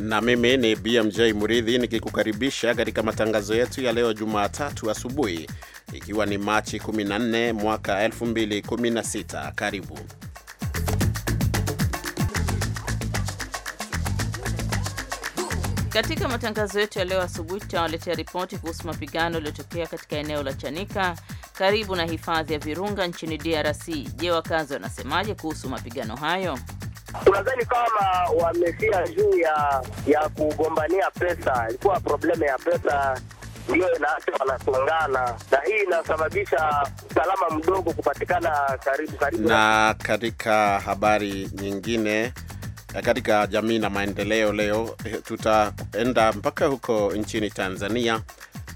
na mimi ni BMJ Muridhi nikikukaribisha katika matangazo yetu ya leo Jumatatu asubuhi ikiwa ni Machi 14 mwaka 2016. Karibu katika matangazo yetu ya leo asubuhi. Tutawaletea ripoti kuhusu mapigano yaliyotokea katika eneo la Chanika karibu na hifadhi ya Virunga nchini DRC. Je, wakazi wanasemaje kuhusu mapigano hayo? Tunadhani kama wamefia juu ya ya kugombania pesa, ilikuwa problemu ya pesa ndio inaacha wanasongana, na hii inasababisha usalama mdogo kupatikana karibu karibu. Na katika habari nyingine katika jamii na maendeleo, leo tutaenda mpaka huko nchini Tanzania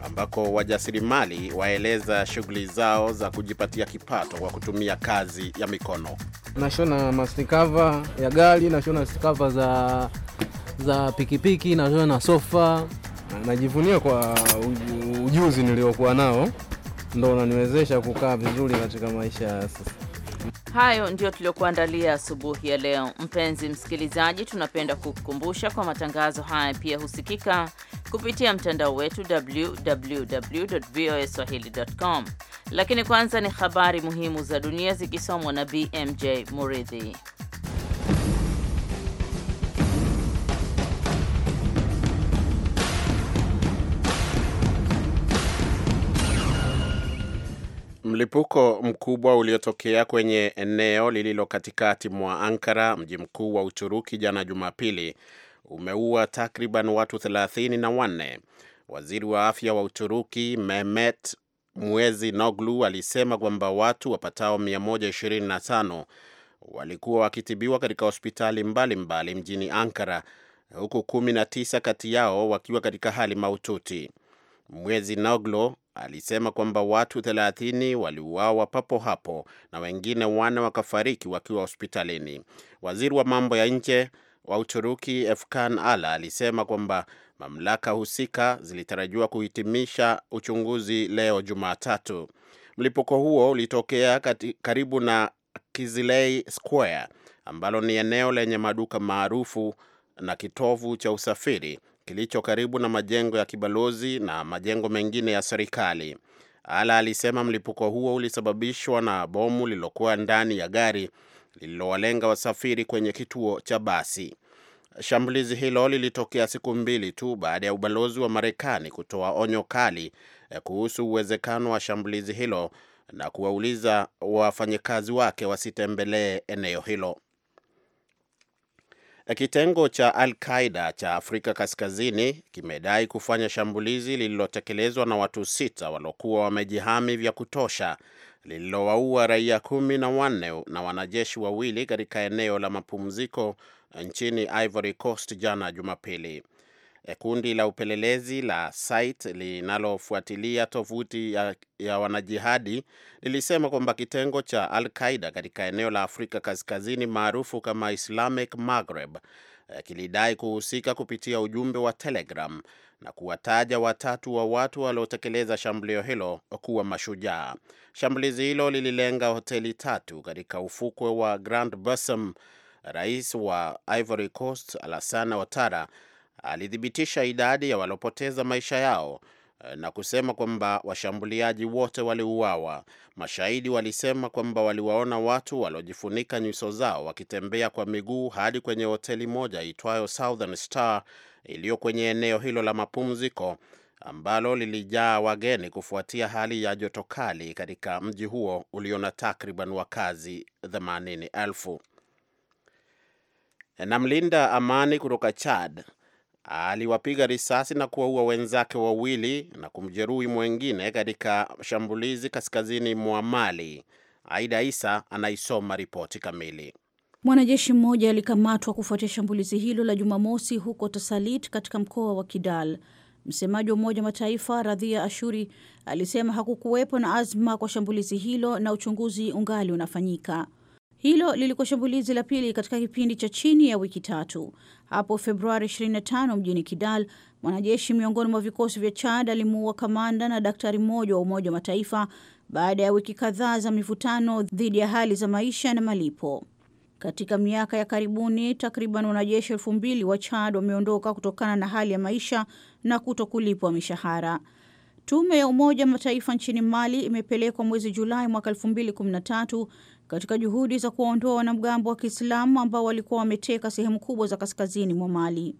ambako wajasirimali waeleza shughuli zao za kujipatia kipato kwa kutumia kazi ya mikono. Nashona mastikava ya gari, nashona stikava za za pikipiki, nashona sofa. Najivunia kwa ujuzi niliokuwa nao, ndo unaniwezesha kukaa vizuri katika maisha ya sasa. Hayo ndiyo tuliyokuandalia asubuhi ya leo. Mpenzi msikilizaji, tunapenda kukukumbusha kwa matangazo haya pia husikika kupitia mtandao wetu www www.voaswahili.com. Lakini kwanza ni habari muhimu za dunia zikisomwa na BMJ Muridhi. Mlipuko mkubwa uliotokea kwenye eneo lililo katikati mwa Ankara, mji mkuu wa Uturuki, jana Jumapili umeua takriban watu thelathini na wanne. Waziri wa afya wa Uturuki Mehmet mwezi Noglu alisema kwamba watu wapatao 125 walikuwa wakitibiwa katika hospitali mbalimbali mbali mjini Ankara, huku 19 kati yao wakiwa katika hali mahututi. Mwezi Noglu alisema kwamba watu 30 waliuawa papo hapo na wengine wane wakafariki wakiwa hospitalini. Waziri wa mambo ya nje wa Uturuki Efkan Ala alisema kwamba mamlaka husika zilitarajiwa kuhitimisha uchunguzi leo Jumatatu. Mlipuko huo ulitokea karibu na Kizilei Square ambalo ni eneo lenye maduka maarufu na kitovu cha usafiri kilicho karibu na majengo ya kibalozi na majengo mengine ya serikali. Ala alisema mlipuko huo ulisababishwa na bomu lililokuwa ndani ya gari lililowalenga wasafiri kwenye kituo cha basi. Shambulizi hilo lilitokea siku mbili tu baada ya ubalozi wa Marekani kutoa onyo kali eh, kuhusu uwezekano wa shambulizi hilo na kuwauliza wafanyakazi wake wasitembelee eneo hilo. Kitengo cha Al Qaida cha Afrika Kaskazini kimedai kufanya shambulizi lililotekelezwa na watu sita waliokuwa wamejihami vya kutosha lililowaua raia kumi na wanne na wanajeshi wawili katika eneo la mapumziko nchini Ivory Coast jana Jumapili. Eh, kundi la upelelezi la SITE linalofuatilia tovuti ya, ya wanajihadi lilisema kwamba kitengo cha Al Qaida katika eneo la Afrika Kaskazini maarufu kama Islamic Maghreb eh, kilidai kuhusika kupitia ujumbe wa Telegram na kuwataja watatu wa watu waliotekeleza shambulio hilo kuwa mashujaa. Shambulizi hilo lililenga hoteli tatu katika ufukwe wa Grand Bassam. Rais wa Ivory Coast Alassane Ouattara alithibitisha idadi ya waliopoteza maisha yao eh, na kusema kwamba washambuliaji wote waliuawa. Mashahidi walisema kwamba waliwaona watu waliojifunika nyuso zao wakitembea kwa miguu hadi kwenye hoteli moja itwayo Southern Star iliyo kwenye eneo hilo la mapumziko ambalo lilijaa wageni kufuatia hali ya joto kali katika mji huo ulio na takriban wakazi 80,000. Na mlinda amani kutoka Chad aliwapiga risasi na kuwaua wenzake wawili na kumjeruhi mwengine katika shambulizi kaskazini mwa Mali. Aida Isa anaisoma ripoti kamili. Mwanajeshi mmoja alikamatwa kufuatia shambulizi hilo la Jumamosi huko Tasalit katika mkoa wa Kidal. Msemaji wa Umoja Mataifa Radhia Ashuri alisema hakukuwepo na azma kwa shambulizi hilo na uchunguzi ungali unafanyika. Hilo lilikuwa shambulizi la pili katika kipindi cha chini ya wiki tatu. Hapo Februari 25 mjini Kidal, mwanajeshi miongoni mwa vikosi vya Chad alimuua kamanda na daktari mmoja wa Umoja wa Mataifa baada ya wiki kadhaa za mivutano dhidi ya hali za maisha na malipo. Katika miaka ya karibuni, takriban wanajeshi elfu mbili wa Chad wameondoka kutokana na hali ya maisha na kuto kulipwa mishahara. Tume ya Umoja wa Mataifa nchini Mali imepelekwa mwezi Julai mwaka 2013 katika juhudi za kuwaondoa wanamgambo wa Kiislamu ambao walikuwa wameteka sehemu kubwa za kaskazini mwa Mali.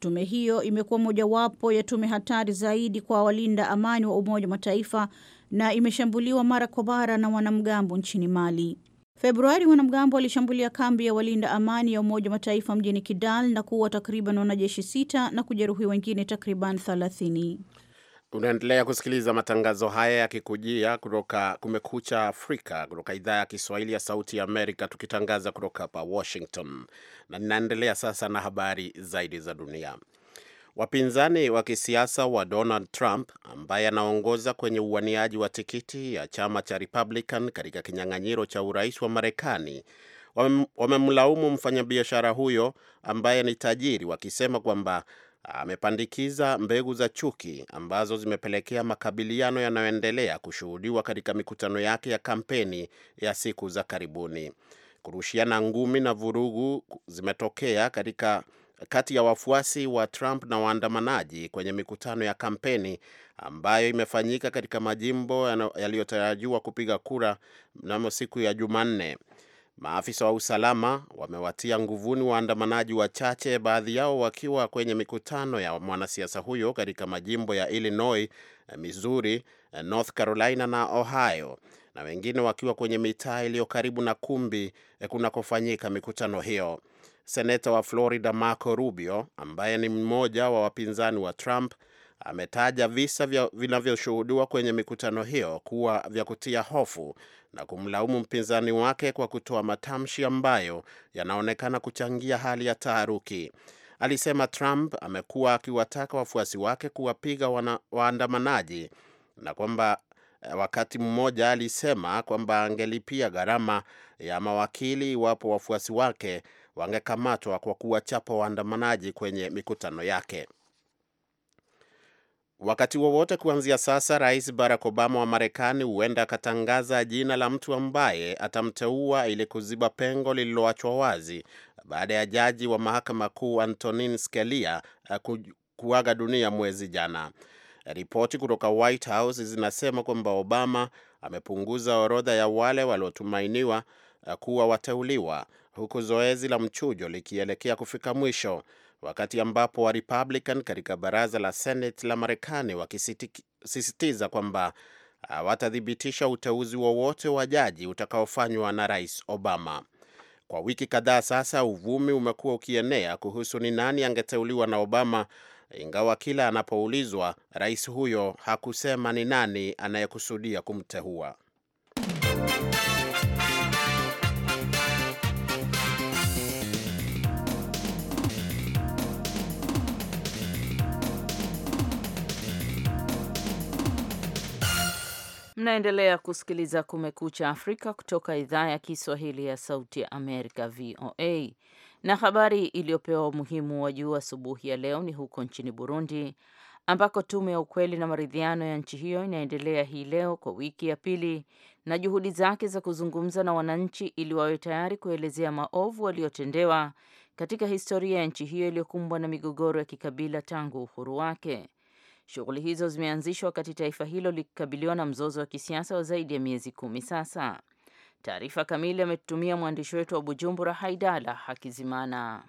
Tume hiyo imekuwa mojawapo ya tume hatari zaidi kwa walinda amani wa Umoja wa Mataifa na imeshambuliwa mara kwa mara na wanamgambo nchini Mali. Februari, wanamgambo walishambulia kambi ya walinda amani ya Umoja wa Mataifa mjini Kidal na kuua takriban wanajeshi sita na kujeruhi wengine takriban thelathini. Unaendelea kusikiliza matangazo haya yakikujia kutoka Kumekucha Afrika kutoka idhaa ya Kiswahili ya Sauti ya Amerika, tukitangaza kutoka hapa Washington, na ninaendelea sasa na habari zaidi za dunia. Wapinzani wa kisiasa wa Donald Trump ambaye anaongoza kwenye uwaniaji wa tikiti ya chama cha Republican katika kinyang'anyiro cha urais wa Marekani wamemlaumu mfanyabiashara huyo ambaye ni tajiri wakisema kwamba amepandikiza mbegu za chuki ambazo zimepelekea makabiliano yanayoendelea kushuhudiwa katika mikutano yake ya kampeni ya siku za karibuni. Kurushiana ngumi na vurugu zimetokea katika kati ya wafuasi wa Trump na waandamanaji kwenye mikutano ya kampeni ambayo imefanyika katika majimbo yaliyotarajiwa kupiga kura mnamo siku ya Jumanne. Maafisa wa usalama wamewatia nguvuni waandamanaji wachache, baadhi yao wakiwa kwenye mikutano ya mwanasiasa huyo katika majimbo ya Illinois, Missouri, North Carolina na Ohio, na wengine wakiwa kwenye mitaa iliyo karibu na kumbi eh, kunakofanyika mikutano hiyo. Seneta wa Florida Marco Rubio, ambaye ni mmoja wa wapinzani wa Trump, ametaja visa vinavyoshuhudiwa kwenye mikutano hiyo kuwa vya kutia hofu na kumlaumu mpinzani wake kwa kutoa matamshi ambayo yanaonekana kuchangia hali ya taharuki. Alisema Trump amekuwa akiwataka wafuasi wake kuwapiga waandamanaji na kwamba eh, wakati mmoja alisema kwamba angelipia gharama ya mawakili iwapo wafuasi wake wangekamatwa kwa kuwachapa waandamanaji kwenye mikutano yake. Wakati wowote kuanzia sasa, Rais Barack Obama wa Marekani huenda akatangaza jina la mtu ambaye atamteua ili kuziba pengo lililoachwa wazi baada ya jaji wa mahakama kuu Antonin Scalia eh, ku, kuaga dunia mwezi jana. Ripoti kutoka White House zinasema kwamba Obama amepunguza orodha ya wale waliotumainiwa eh, kuwa wateuliwa huku zoezi la mchujo likielekea kufika mwisho wakati ambapo wa Republican katika baraza la Senate la Marekani wakisisitiza kwamba hawatathibitisha uteuzi wowote wa, wa jaji utakaofanywa na Rais Obama. Kwa wiki kadhaa sasa, uvumi umekuwa ukienea kuhusu ni nani angeteuliwa na Obama, ingawa kila anapoulizwa rais huyo hakusema ni nani anayekusudia kumteua. Mnaendelea kusikiliza Kumekucha Afrika kutoka idhaa ya Kiswahili ya Sauti ya Amerika, VOA. Na habari iliyopewa umuhimu wa juu asubuhi ya leo ni huko nchini Burundi, ambako tume ya ukweli na maridhiano ya nchi hiyo inaendelea hii leo kwa wiki ya pili na juhudi zake za kuzungumza na wananchi ili wawe tayari kuelezea maovu waliotendewa katika historia ya nchi hiyo iliyokumbwa na migogoro ya kikabila tangu uhuru wake. Shughuli hizo zimeanzishwa wakati taifa hilo likikabiliwa na mzozo wa kisiasa wa zaidi ya miezi kumi sasa. Taarifa kamili ametutumia mwandishi wetu wa Bujumbura, Haidala Hakizimana.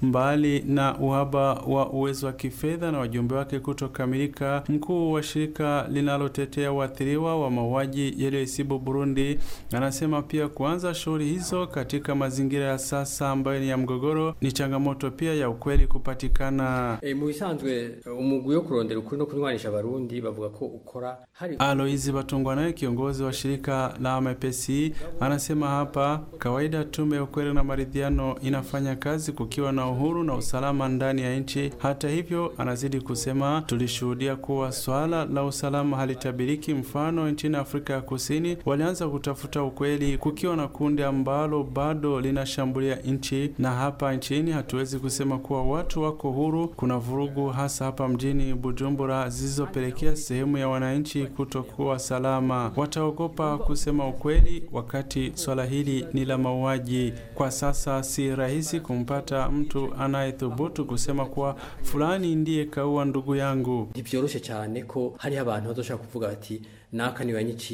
Mbali na uhaba wa uwezo wa kifedha na wajumbe wake kutokamilika, mkuu wa shirika linalotetea waathiriwa wa mauaji yaliyoisibu Burundi anasema pia kuanza shughuli hizo katika mazingira ya sasa ambayo ni ya mgogoro ni changamoto pia ya ukweli kupatikana. E, mubisanzwe e, umugwi wo kurondera ukuri no kunywanisha abarundi bavuga ko ukora hari. Aloizi Batungwa naye kiongozi wa shirika la MPSI e, anasema hapa kawaida tume ya ukweli na maridhiano inafanya kazi kukiwa na uhuru na usalama ndani ya nchi. Hata hivyo, anazidi kusema, tulishuhudia kuwa swala la usalama halitabiriki. Mfano, nchini Afrika ya Kusini walianza kutafuta ukweli, kukiwa na kundi ambalo bado linashambulia nchi, na hapa nchini hatuwezi kusema kuwa watu wako huru. Kuna vurugu hasa hapa mjini Bujumbura zilizopelekea sehemu ya wananchi kutokuwa salama. Wataogopa kusema ukweli, wakati swala hili ni la mauaji. Kwa sasa si rahisi kumpata mtu mtu anayethubutu kusema kuwa fulani ndiye kaua ndugu yangu. Ni cyane ko hariho abantu bazoshobora kuvuga bati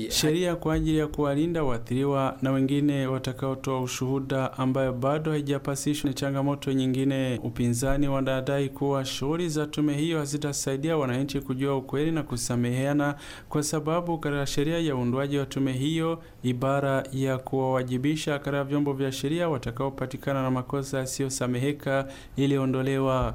sheria kwa ajili ya kuwalinda waathiriwa na wengine watakaotoa ushuhuda ambayo bado haijapasishwa ni changamoto nyingine. Upinzani wanadai kuwa shughuli za tume hiyo hazitasaidia wananchi kujua ukweli na kusameheana, kwa sababu katika sheria ya uundwaji wa tume hiyo ibara ya kuwawajibisha katika vyombo vya sheria watakaopatikana na makosa yasiyosameheka iliondolewa.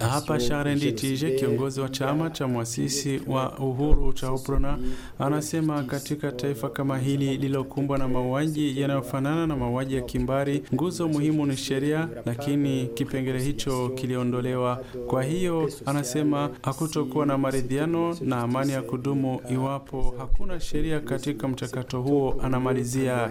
Hapa Sharenditije, kiongozi wa chama cha mwasisi wa uhuru Chaoprona anasema katika taifa kama hili lililokumbwa na mauaji yanayofanana na mauaji ya kimbari, nguzo muhimu ni sheria, lakini kipengele hicho kiliondolewa. Kwa hiyo anasema hakutokuwa na maridhiano na amani ya kudumu iwapo hakuna sheria katika mchakato huo, anamalizia.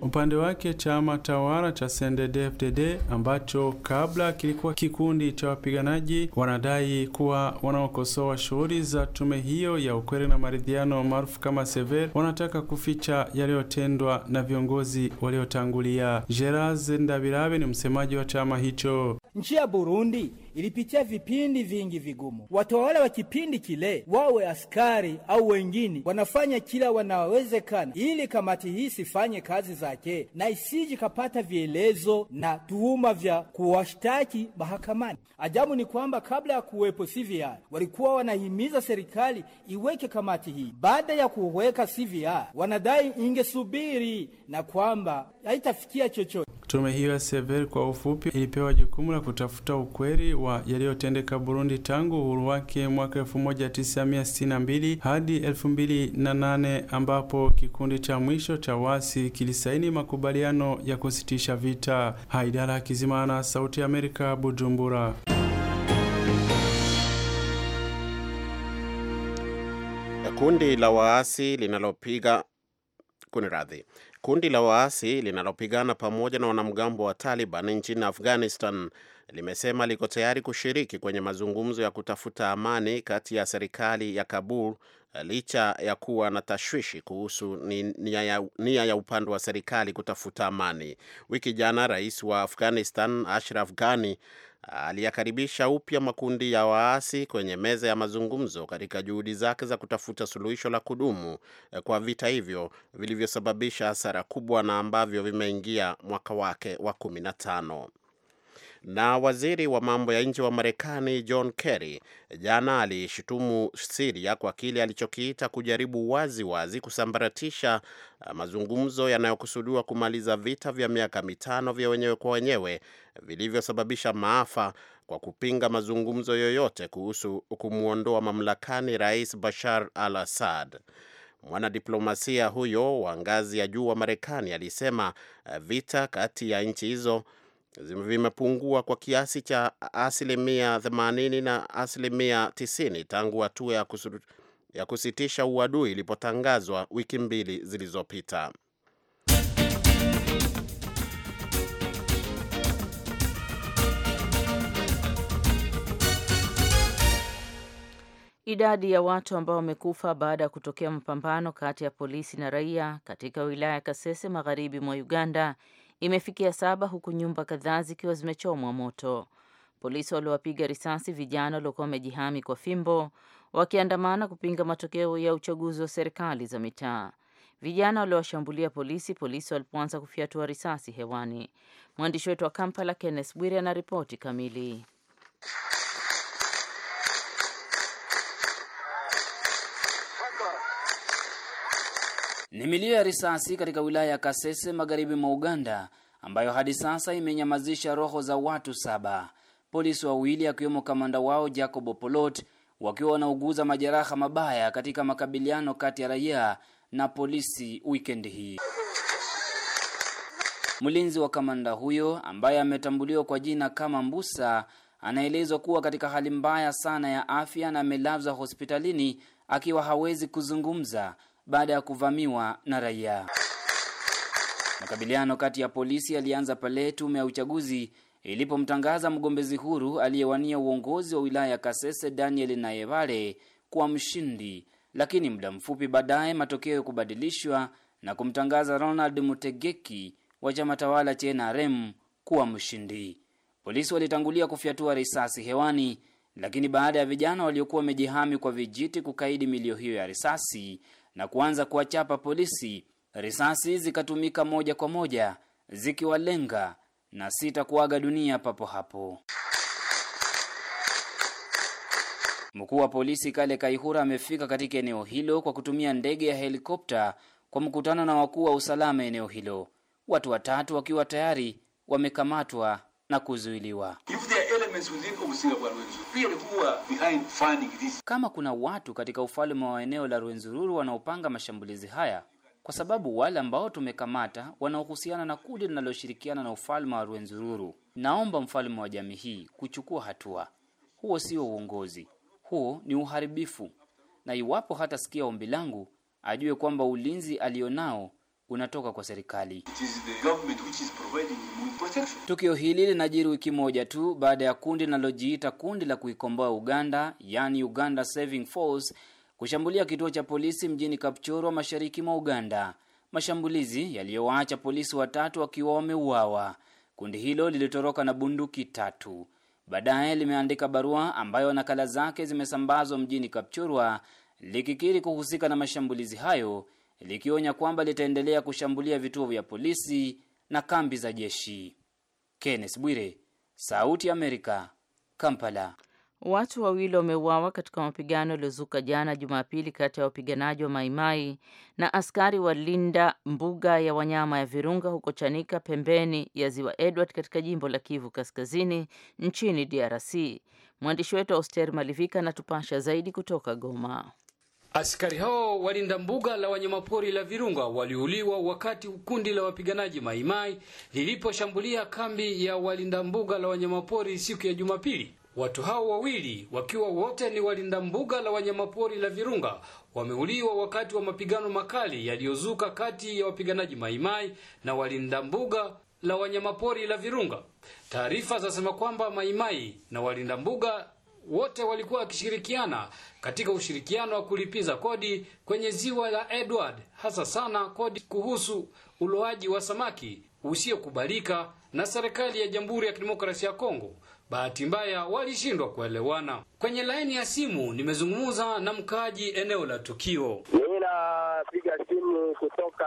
Upande wake chama tawala cha CNDD-FDD ambacho kabla kilikuwa kikundi cha wapiganaji wanadai kuwa wanaokosoa shughuli Awali za tume hiyo ya ukweli na maridhiano maarufu kama Sever wanataka kuficha yaliyotendwa na viongozi waliotangulia. Gerard Ndabirabe ni msemaji wa chama hicho. Nchi ya Burundi ilipitia vipindi vingi vigumu. Watawala wa kipindi kile, wawe askari au wengine, wanafanya kila wanawezekana ili kamati hii sifanye kazi zake na isiji kapata vielezo na tuhuma vya kuwashtaki mahakamani. Ajabu ni kwamba kabla ya kuwepo CVR walikuwa wanahimiza serikali iweke kamati hii. Baada ya kuweka CVR wanadai ingesubiri na kwamba haitafikia chochote. Tume hiyo ya Severi kwa ufupi ilipewa jukumu la kutafuta ukweli wa yaliyotendeka Burundi tangu uhuru wake mwaka 1962 hadi 2008 ambapo kikundi cha mwisho cha wasi kilisaini makubaliano ya kusitisha vita. Haidara Kizimana, Sauti ya Amerika, Bujumbura. Kundi la waasi linalopiga kuni radhi Kundi la waasi linalopigana pamoja na wanamgambo wa Taliban nchini Afghanistan limesema liko tayari kushiriki kwenye mazungumzo ya kutafuta amani kati ya serikali ya Kabul licha ya kuwa na tashwishi kuhusu nia ya, nia ya upande wa serikali kutafuta amani. Wiki jana rais wa Afghanistan Ashraf Ghani aliyakaribisha upya makundi ya waasi kwenye meza ya mazungumzo katika juhudi zake za kutafuta suluhisho la kudumu eh, kwa vita hivyo vilivyosababisha hasara kubwa na ambavyo vimeingia mwaka wake wa kumi na tano. Na waziri wa mambo ya nje wa Marekani John Kerry jana alishutumu Siria kwa kile alichokiita kujaribu wazi wazi kusambaratisha uh, mazungumzo yanayokusudiwa kumaliza vita vya miaka mitano vya wenyewe kwa wenyewe vilivyosababisha maafa kwa kupinga mazungumzo yoyote kuhusu kumwondoa mamlakani Rais Bashar al-Assad. Mwanadiplomasia huyo wa ngazi ya juu wa Marekani alisema uh, vita kati ya nchi hizo vimepungua kwa kiasi cha asilimia 80 na asilimia 90 tangu hatua ya, ya kusitisha uadui ilipotangazwa wiki mbili zilizopita. Idadi ya watu ambao wamekufa baada ya kutokea mapambano kati ya polisi na raia katika wilaya ya Kasese magharibi mwa Uganda imefikia saba huku nyumba kadhaa zikiwa zimechomwa moto. Polisi waliwapiga risasi vijana waliokuwa wamejihami kwa fimbo wakiandamana kupinga matokeo ya uchaguzi wa serikali za mitaa. Vijana waliwashambulia polisi polisi walipoanza kufyatua risasi hewani. Mwandishi wetu wa Kampala, Kenneth Bwire, ana ripoti kamili. Ni milio ya risasi katika wilaya ya Kasese magharibi mwa Uganda ambayo hadi sasa imenyamazisha roho za watu saba. Polisi wawili akiwemo kamanda wao Jacob Opolot wakiwa wanauguza majeraha mabaya katika makabiliano kati ya raia na polisi weekend hii. Mlinzi wa kamanda huyo ambaye ametambuliwa kwa jina kama Mbusa anaelezwa kuwa katika hali mbaya sana ya afya na amelazwa hospitalini akiwa hawezi kuzungumza baada ya kuvamiwa na raia. Makabiliano kati ya polisi yalianza pale tume ya uchaguzi ilipomtangaza mgombezi huru aliyewania uongozi wa wilaya ya Kasese Daniel Nayevale, kuwa mshindi, lakini muda mfupi baadaye matokeo kubadilishwa na kumtangaza Ronald Mutegeki wa chama tawala cha NRM kuwa mshindi. Polisi walitangulia kufyatua risasi hewani, lakini baada ya vijana waliokuwa wamejihami kwa vijiti kukaidi milio hiyo ya risasi, na kuanza kuwachapa polisi. Risasi zikatumika moja kwa moja zikiwalenga na sita kuaga dunia papo hapo. Mkuu wa polisi Kale Kaihura amefika katika eneo hilo kwa kutumia ndege ya helikopta kwa mkutano na wakuu wa usalama eneo hilo. Watu watatu wakiwa tayari wamekamatwa na kuzuiliwa. Kama kuna watu katika ufalme wa eneo la Rwenzururu wanaopanga mashambulizi haya, kwa sababu wale ambao tumekamata wanaohusiana na kundi linaloshirikiana na ufalme wa Rwenzururu, naomba mfalme wa jamii hii kuchukua hatua. Huo sio uongozi, huo ni uharibifu, na iwapo hata sikia ombi langu, ajue kwamba ulinzi alionao unatoka kwa serikali. Tukio hili linajiri wiki moja tu baada ya kundi linalojiita kundi la kuikomboa Uganda, yani Uganda Saving Force, kushambulia kituo cha polisi mjini Kapchorwa, mashariki mwa Uganda, mashambulizi yaliyowaacha polisi watatu wakiwa wameuawa. Kundi hilo lilitoroka na bunduki tatu. Baadaye limeandika barua ambayo nakala zake zimesambazwa mjini Kapchorwa likikiri kuhusika na mashambulizi hayo likionya kwamba litaendelea kushambulia vituo vya polisi na kambi za jeshi. Kenneth Bwire, Sauti ya Amerika, Kampala. Watu wawili wameuawa katika mapigano yaliyozuka jana Jumapili kati ya wapiganaji wa Maimai na askari walinda mbuga ya wanyama ya Virunga huko Chanika pembeni ya Ziwa Edward katika jimbo la Kivu Kaskazini nchini DRC. Mwandishi wetu Auster Malivika anatupasha zaidi kutoka Goma. Askari hao walinda mbuga la wanyamapori la Virunga waliuliwa wakati kundi la wapiganaji Maimai liliposhambulia kambi ya walinda mbuga la wanyamapori siku ya Jumapili. Watu hao wawili wakiwa wote ni walinda mbuga la wanyamapori la Virunga wameuliwa wakati wa mapigano makali yaliyozuka kati ya wapiganaji Maimai na walinda mbuga la wanyamapori la Virunga. Taarifa zasema kwamba Maimai na walinda mbuga wote walikuwa wakishirikiana katika ushirikiano wa kulipiza kodi kwenye ziwa la Edward, hasa sana kodi kuhusu uloaji wa samaki usiokubalika na serikali ya Jamhuri ya Kidemokrasia ya Kongo. Bahati mbaya walishindwa kuelewana. Kwenye laini ya simu nimezungumza na mkaaji eneo la tukio kutoka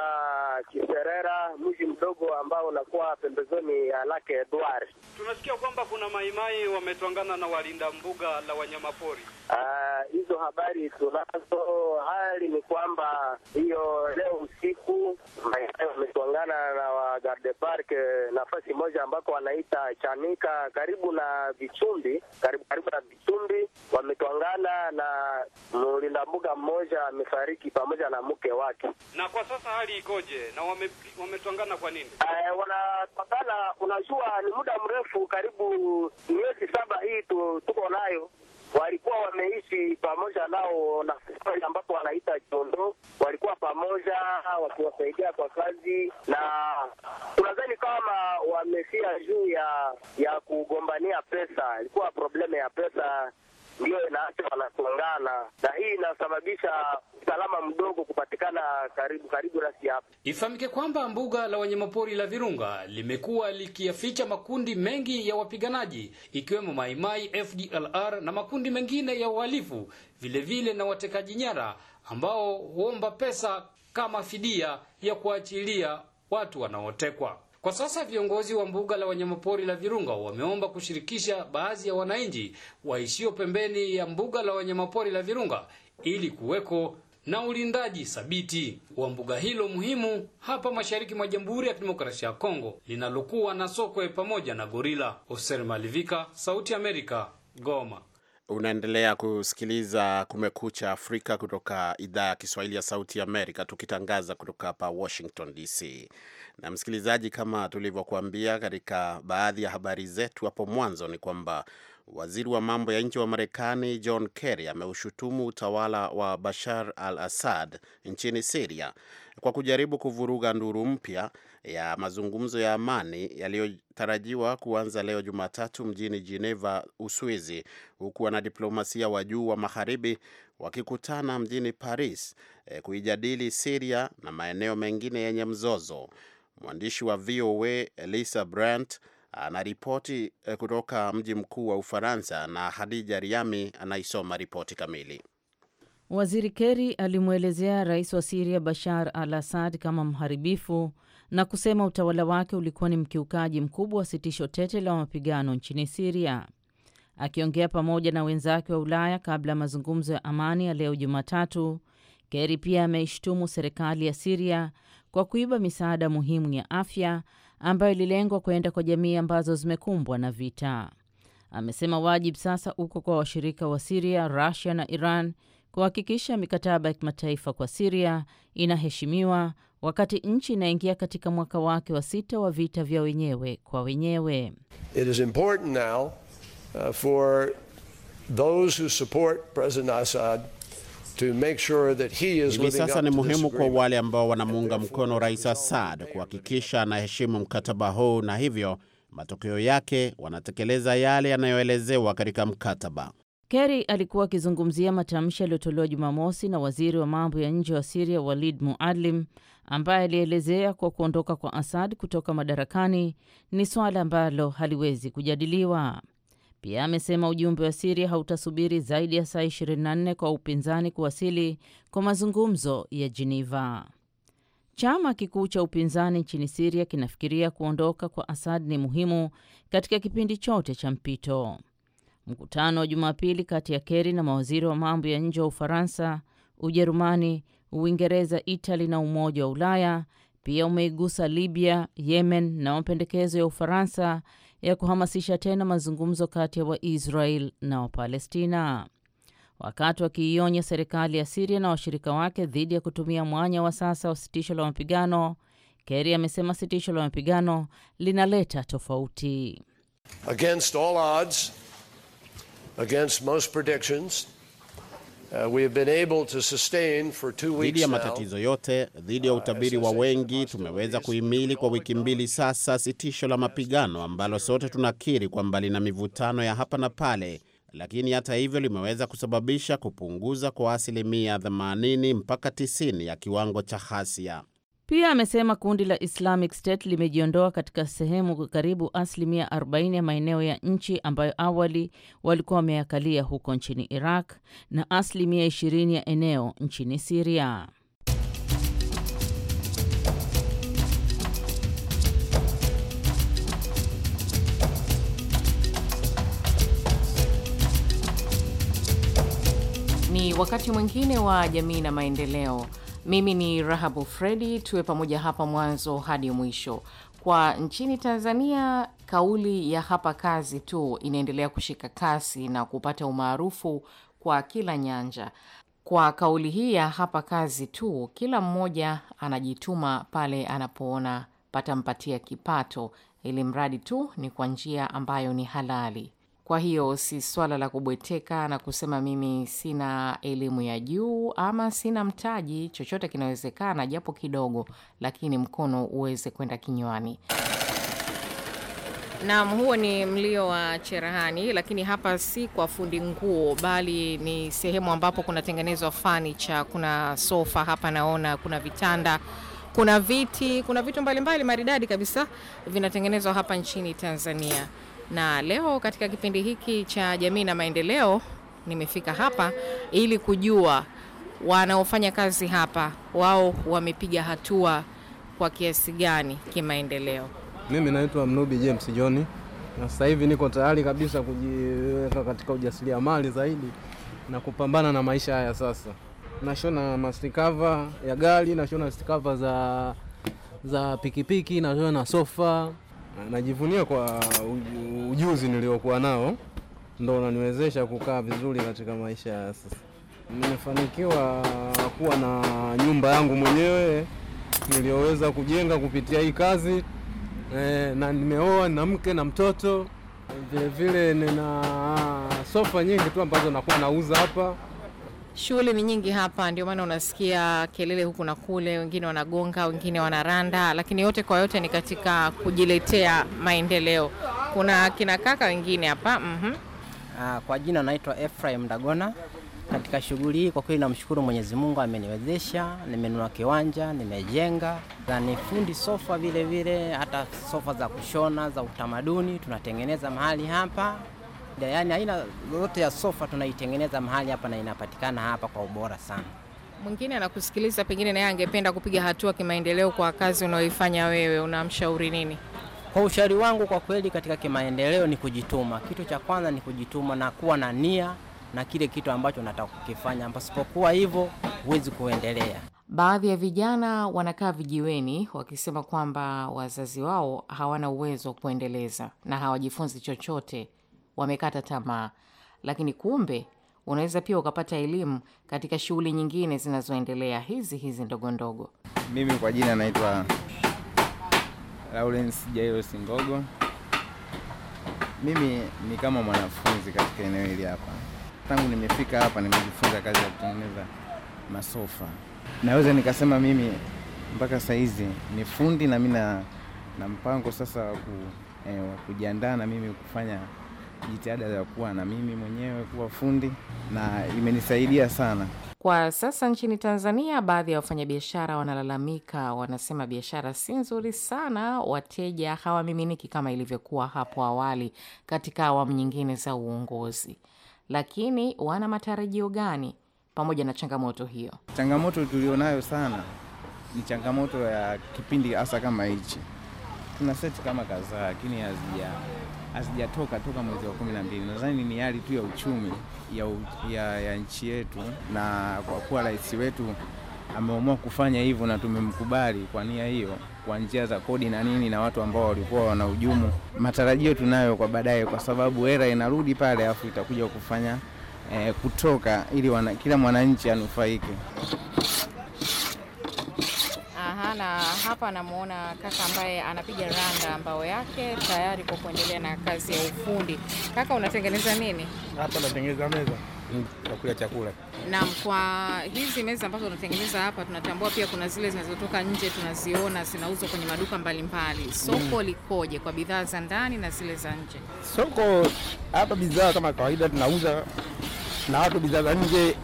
Kiserera, mji mdogo ambao unakuwa pembezoni ya Lake Edward. tunasikia kwamba kuna maimai wametwangana na walinda mbuga la wanyamapori. Ah, hizo habari tunazo. Hali ni kwamba hiyo leo usiku maimai wametwangana na wa Park, nafasi moja ambako wanaita Chanika, karibu na Vichumbi, karibu karibu na Vichumbi, wametwangana na mlinda mbuga mmoja amefariki pamoja na mke wake na kwa kwa sasa hali ikoje na wametwangana kwa nini? Uh, eh, wanapakana. Unajua ni muda mrefu, karibu miezi saba hii tu, tuko nayo walikuwa wameishi pamoja nao na ambapo wanaita Jondo, walikuwa pamoja wakiwasaidia kwa kazi, na tunadhani kama wamefia juu ya ya kugombania pesa, ilikuwa problemu ya pesa ndiyo inaacha wanasongana, na hii inasababisha usalama mdogo kupatikana karibu karibu rasi hapa. Ifahamike kwamba mbuga la wanyamapori la Virunga limekuwa likiyaficha makundi mengi ya wapiganaji ikiwemo Maimai, FDLR na makundi mengine ya uhalifu, vilevile na watekaji nyara ambao huomba pesa kama fidia ya kuachilia watu wanaotekwa. Kwa sasa viongozi wa mbuga la wanyamapori la Virunga wameomba kushirikisha baadhi ya wananchi waishio pembeni ya mbuga la wanyamapori la Virunga ili kuweko na ulindaji thabiti wa mbuga hilo muhimu hapa mashariki mwa Jamhuri ya Kidemokrasia ya Kongo linalokuwa na sokwe pamoja na gorila. Oser Malivika, Sauti Amerika, Goma. Unaendelea kusikiliza Kumekucha Afrika kutoka idhaa ya Kiswahili ya Sauti Amerika, tukitangaza kutoka hapa Washington DC. Na msikilizaji, kama tulivyokuambia katika baadhi ya habari zetu hapo mwanzo, ni kwamba waziri wa mambo ya nje wa Marekani John Kerry ameushutumu utawala wa Bashar al Assad nchini Siria kwa kujaribu kuvuruga nduru mpya ya mazungumzo ya amani yaliyotarajiwa kuanza leo Jumatatu mjini Geneva, Uswizi, huku wanadiplomasia wa juu wa magharibi wakikutana mjini Paris eh, kuijadili Siria na maeneo mengine yenye mzozo. Mwandishi wa VOA Elisa Brandt anaripoti eh, kutoka mji mkuu wa Ufaransa na Hadija Riami anaisoma ripoti kamili. Waziri Keri alimwelezea rais wa Siria Bashar al Assad kama mharibifu na kusema utawala wake ulikuwa ni mkiukaji mkubwa wa sitisho tete la mapigano nchini Siria. Akiongea pamoja na wenzake wa Ulaya kabla ya mazungumzo ya amani ya leo Jumatatu, Keri pia ameishtumu serikali ya Siria kwa kuiba misaada muhimu ya afya ambayo ililengwa kwenda kwa jamii ambazo zimekumbwa na vita. Amesema wajibu sasa uko kwa washirika wa Siria, Rusia na Iran kuhakikisha mikataba ya kimataifa kwa Siria inaheshimiwa wakati nchi inaingia katika mwaka wake wa sita wa vita vya wenyewe kwa wenyewe. It is important now uh, for those who support President Assad Sure hivi sasa ni muhimu kwa wale ambao wanamuunga mkono Rais Assad kuhakikisha anaheshimu mkataba huu, na hivyo matokeo yake wanatekeleza yale yanayoelezewa katika mkataba. Kerry alikuwa akizungumzia matamshi yaliyotolewa Jumamosi na waziri wa mambo ya nje wa Siria Walid Muadlim, ambaye alielezea kwa kuondoka kwa Assad kutoka madarakani ni swala ambalo haliwezi kujadiliwa. Pia amesema ujumbe wa Siria hautasubiri zaidi ya saa 24 kwa upinzani kuwasili kwa mazungumzo ya Jeneva. Chama kikuu cha upinzani nchini Siria kinafikiria kuondoka kwa Assad ni muhimu katika kipindi chote cha mpito. Mkutano wa Jumapili kati ya keri na mawaziri wa mambo ya nje wa Ufaransa, Ujerumani, Uingereza, Itali na Umoja wa Ulaya pia umeigusa Libya, Yemen na mapendekezo ya Ufaransa ya kuhamasisha tena mazungumzo kati ya Waisrael na Wapalestina. Wakati wakiionya serikali ya Siria na washirika wake dhidi ya kutumia mwanya wa sasa wa sitisho la mapigano, Kerry amesema sitisho la mapigano linaleta tofauti Against all odds. Against most predictions, uh, we have been able to sustain for two weeks. Dhidi ya matatizo yote, dhidi ya ah, utabiri wa wengi, tumeweza kuhimili kwa wiki mbili sasa sitisho la mapigano ambalo sote tunakiri kwamba lina mivutano ya hapa na pale, lakini hata hivyo limeweza kusababisha kupunguza kwa asilimia 80 mpaka 90 ya kiwango cha ghasia. Pia amesema kundi la Islamic State limejiondoa katika sehemu karibu asilimia 40 ya maeneo ya nchi ambayo awali walikuwa wameyakalia huko nchini Iraq na asilimia 20 ya eneo nchini Siria. Ni wakati mwingine wa jamii na maendeleo. Mimi ni Rahabu Fredi, tuwe pamoja hapa mwanzo hadi mwisho. Kwa nchini Tanzania, kauli ya hapa kazi tu inaendelea kushika kasi na kupata umaarufu kwa kila nyanja. Kwa kauli hii ya hapa kazi tu, kila mmoja anajituma pale anapoona patampatia kipato, ili mradi tu ni kwa njia ambayo ni halali. Kwa hiyo si swala la kubweteka na kusema mimi sina elimu ya juu ama sina mtaji. Chochote kinawezekana, japo kidogo, lakini mkono uweze kwenda kinywani. nam huo ni mlio wa cherehani, lakini hapa si kwa fundi nguo, bali ni sehemu ambapo kunatengenezwa fanicha. Kuna sofa hapa, naona kuna vitanda, kuna viti, kuna vitu mbalimbali maridadi kabisa vinatengenezwa hapa nchini Tanzania na leo katika kipindi hiki cha jamii na maendeleo nimefika hapa ili kujua wanaofanya kazi hapa wao wamepiga hatua kwa kiasi gani kimaendeleo. Mimi naitwa Mnubi James John na sasa hivi niko tayari kabisa kujiweka katika ujasiriamali zaidi na kupambana na maisha haya. Sasa nashona mastikava ya gari, nashona stikava za, za pikipiki, nashona sofa najivunia kwa ujuzi niliokuwa nao, ndo unaniwezesha kukaa vizuri katika maisha ya sasa. Nimefanikiwa kuwa na nyumba yangu mwenyewe niliyoweza kujenga kupitia hii kazi e, na nimeoa na mke na mtoto vilevile, nina sofa nyingi tu ambazo nakuwa nauza hapa. Shughuli ni nyingi hapa, ndio maana unasikia kelele huku na kule, wengine wanagonga, wengine wanaranda, lakini yote kwa yote ni katika kujiletea maendeleo. Kuna kina kaka wengine hapa mm-hmm. Aa, ah, kwa jina naitwa Ephraim Dagona. Katika shughuli hii kwa kweli namshukuru Mwenyezi Mungu, ameniwezesha, nimenunua kiwanja, nimejenga, ni fundi sofa vile vile, hata sofa za kushona za utamaduni tunatengeneza mahali hapa shida. yani aina yote ya sofa tunaitengeneza mahali hapa na inapatikana hapa kwa ubora sana. Mwingine anakusikiliza pengine naye angependa kupiga hatua kimaendeleo kwa kazi unayoifanya wewe, unamshauri nini? Kwa ushauri wangu kwa kweli, katika kimaendeleo ni kujituma. Kitu cha kwanza ni kujituma na kuwa na nia na kile kitu ambacho unataka kukifanya, pasipokuwa hivyo huwezi kuendelea. Baadhi ya vijana wanakaa vijiweni wakisema kwamba wazazi wao hawana uwezo wa kuendeleza na hawajifunzi chochote wamekata tamaa. Lakini kumbe unaweza pia ukapata elimu katika shughuli nyingine zinazoendelea hizi hizi ndogo ndogo. Mimi kwa jina naitwa Lawrence jairos ngogo Mimi ni kama mwanafunzi katika eneo hili hapa. Tangu nimefika hapa, nimejifunza kazi ya kutengeneza masofa. Naweza nikasema mimi mpaka sahizi ni fundi na mi na mpango sasa wa ku, eh, kujiandaa na mimi kufanya jitihada za kuwa na mimi mwenyewe kuwa fundi na imenisaidia sana. Kwa sasa nchini Tanzania, baadhi ya wafanyabiashara wanalalamika, wanasema biashara si nzuri sana, wateja hawamiminiki kama ilivyokuwa hapo awali katika awamu nyingine za uongozi. Lakini wana matarajio gani pamoja na changamoto hiyo? Changamoto tulionayo sana ni changamoto ya kipindi hasa kama hichi, tuna seti kama kadhaa, lakini hazijaa hazijatoka toka mwezi wa kumi na mbili. Nadhani ni hali tu ya uchumi ya, ya, ya nchi yetu, na kwa kuwa rais wetu ameamua kufanya hivyo na tumemkubali kwa nia hiyo, kwa njia za kodi na nini na watu ambao walikuwa wanahujumu. Matarajio tunayo kwa baadaye, kwa sababu hera inarudi pale, afu itakuja kufanya eh, kutoka ili wana, kila mwananchi anufaike na hapa namuona kaka ambaye anapiga randa mbao yake tayari kwa kuendelea na kazi ya ufundi. Kaka, unatengeneza nini? Hapa natengeneza meza nakula chakula. Naam, kwa hizi meza ambazo unatengeneza hapa, tunatambua pia kuna zile zinazotoka nje, tunaziona zinauzwa kwenye maduka mbalimbali. Soko mm, likoje kwa bidhaa za ndani na zile za nje? Soko hapa bidhaa kama kawaida tunauza, na watu bidhaa za nje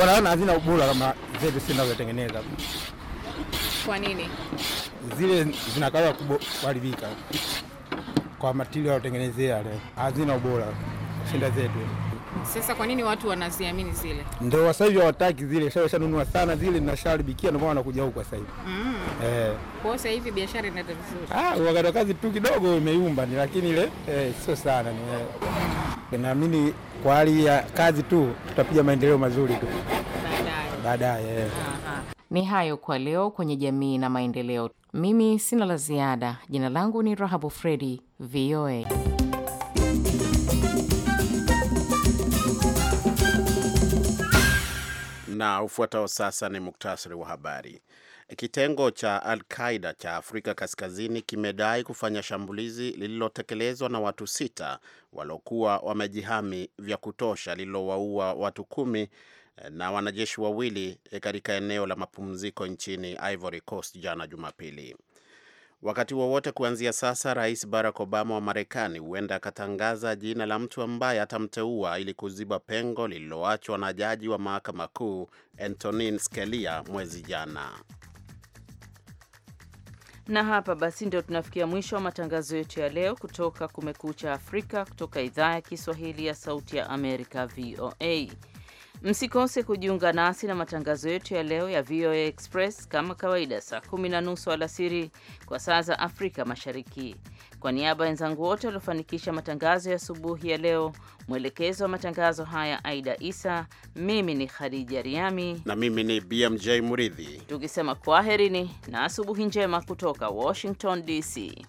wanaona hazina ubora kama zetu sisi tunavyotengeneza. Kwa nini? Zile zinakaa kuharibika kwa material yanayotengenezea yale, hazina ubora shinda zetu. Sasa kwa nini watu wanaziamini zile? Ndio sasa hivi hawataki zile, shanunua sana zile na sharibikia, ndio maana wanakuja huko sasa hivi. Mm. Eh. Kwa sasa hivi biashara inaenda vizuri. Ah, wakati wa kazi tu kidogo imeyumba ni, lakini ile eh, sio sana ni. Eh. Naamini kwa hali ya kazi tu tutapiga maendeleo mazuri tu baadaye. Baadaye. Eh. Ah. Ni hayo kwa leo kwenye jamii na maendeleo. Mimi sina la ziada. Jina langu ni Rahabu Fredi, VOA. Na ufuatao sasa ni muktasari wa habari. Kitengo cha Al Qaida cha Afrika Kaskazini kimedai kufanya shambulizi lililotekelezwa na watu sita waliokuwa wamejihami vya kutosha lililowaua watu kumi na wanajeshi wawili eh, katika eneo la mapumziko nchini Ivory Coast jana Jumapili. Wakati wowote kuanzia sasa, Rais Barack Obama wa Marekani huenda akatangaza jina la mtu ambaye atamteua ili kuziba pengo lililoachwa na jaji wa mahakama kuu Antonin Scalia mwezi jana. Na hapa basi ndio tunafikia mwisho wa matangazo yetu ya leo kutoka Kumekucha Afrika, kutoka idhaa ya Kiswahili ya Sauti ya Amerika, VOA. Msikose kujiunga nasi na matangazo yetu ya leo ya VOA Express kama kawaida, saa kumi na nusu alasiri kwa saa za Afrika Mashariki. Kwa niaba ya wenzangu wote waliofanikisha matangazo ya asubuhi ya leo, mwelekezo wa matangazo haya Aida Isa, mimi ni Khadija Riami na mimi ni BMJ Muridhi, tukisema kwaherini na asubuhi njema kutoka Washington DC.